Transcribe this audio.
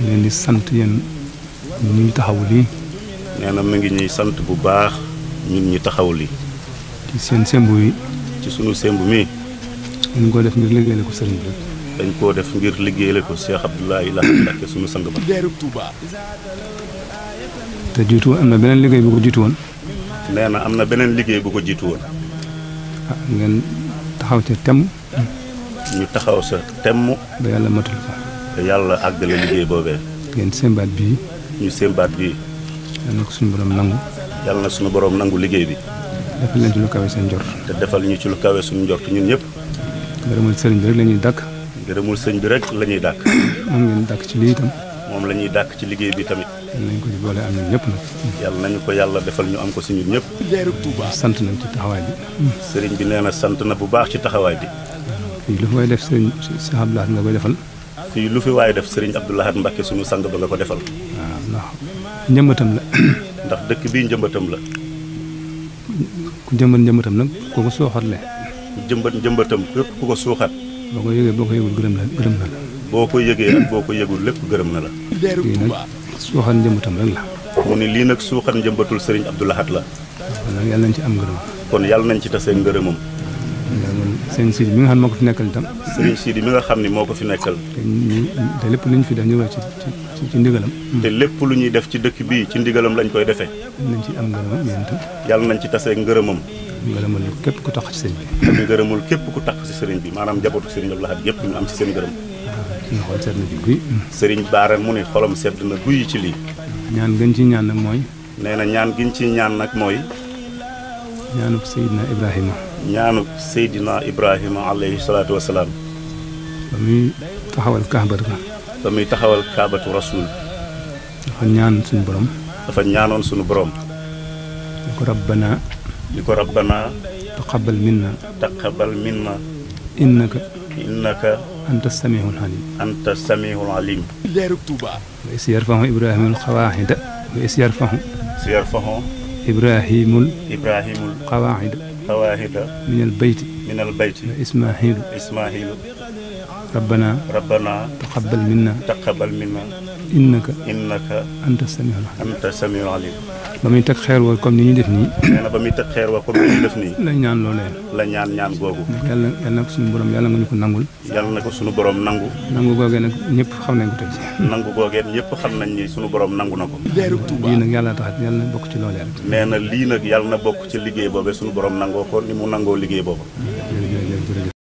ñu leen di sant yéen ñun ñu taxawu lii. nee na mu ngi ñuy sant bu baax ñun ñu taxawu lii. ci seen sembu yi. ci sunu sembu mi. dañ koo def ngir liggéeyale ko sëriñ bi dañ koo def ngir liggéeyale ko Cheikh Abdoulaye Lahat Mbacké sunu sang ba. te jiitu woon am na beneen liggéey bu ko jiitu woon. nee na am na beneen liggéey bu ko jiitu woon. ah ngeen taxaw ca temm. ñu taxaw sa temm. ba yàlla matal ko. Yalla àggale liggéey boobee. ngeen sémbaat bii. ñu sémbaat bii. yàlla ko suñu borom nangu. yàlla na suñu borom nangu liggéey bi. defal leen ci lu kawe seen njort. te defal ñu ci lu kawe suñu njort ñun ñëpp. ngërëmul sëriñ bi rek la ñuy dàkk. sëriñ bi rek la ñuy dàkk. moom ngeen ci lii itam. moom ci bi tamit. ko am ñëpp ko defal ñu am ko sant nañ ci bi. sëriñ bi sant na bu baax ci bi. fay def sëriñ nga koy defal fi lu fi waaye def serigne abdullah Mbacke sunu sang ba nga ko defal. waaw ndax njëmbatam la. ndax dekk bi ñeematam la. ku jëmbat ñeematam nak ku ko soxat le jëmbat jëmbatam képp ku ko soxat boo ko yëgee boo ko yëgul la gërem na la. boko yegge ak boko yegul lepp gërem na la. lii ñeematam rek la. mu ni li nak suuxat ñeematul serigne abdullah la. yalla nañ ci am gërem kon yalla nañ ci tassé ngeureumum sëñ Sidi mi nga xam ne moo ko fi nekkal itam. sëñ Sidi mi nga xam ne moo ko fi nekkal. te lépp lu ñu fi def ñu ci ci ci ndigalam. te lépp lu ñuy def ci dëkk bii ci ndigalam lañ koy defee. nañ ci am ngërëmam yéen itam. yàlla nañ ci tasee ngërëmam. ngërëmul képp ku tax ci sëriñ bi. ngërëmul képp ku tax ci sëriñ bi maanaam njabootu sëriñ Abdou Lahad yëpp ñu am ci seen ngërëm. suñu xol sedd na ci guy. sëriñ Baara mu ne xolam sedd na guy ci lii. ñaan gën ci ñaan nag mooy. nee na ñaan giñ ci ñaan nag mooy ñaanuk Seydina Ibrahima. ñaanuk Seydina Ibrahima alayhi salaatu wa salaam. ba muy taxawal kaabatu la. ba muy taxawal kaabatu rasul. dafa ñaan suñu borom. dafa ñaanoon suñu borom. li ko rabbana. li ko rabbana. taqabbal minna. taqabbal minna. innaka. innaka. anta samiihul aliim. anta samiihul aliim. leerug Tuuba. wa is yarfahu Ibrahima al xawaahida wa إبراهيم إبراهيم القواعد قواعد من البيت من البيت إسماعيل إسماعيل ربنا ربنا تقبل منا تقبل منا إنك إنك أنت السميع العليم أنت السميع العليم ba muy teg xeer wa comme ni ñu def nii. nee ba muy teg xeer wa comme ni ñuy def nii. la ñaan loolee. la ñaan ñaan googu. yàlla yàlla na ko suñu borom ñu ko nangul. yàlla na ko suñu borom nangu. nangu googee nag ñëpp xam nañ ko tey. nangu googee ñëpp xam nañ ni suñu borom nangu na ko. lii nag yàlla tax yàlla na bokk ci loolee rek. na lii na bokk ci liggéey boobee suñu borom nangoo ko ni mu nangoo liggéey boobu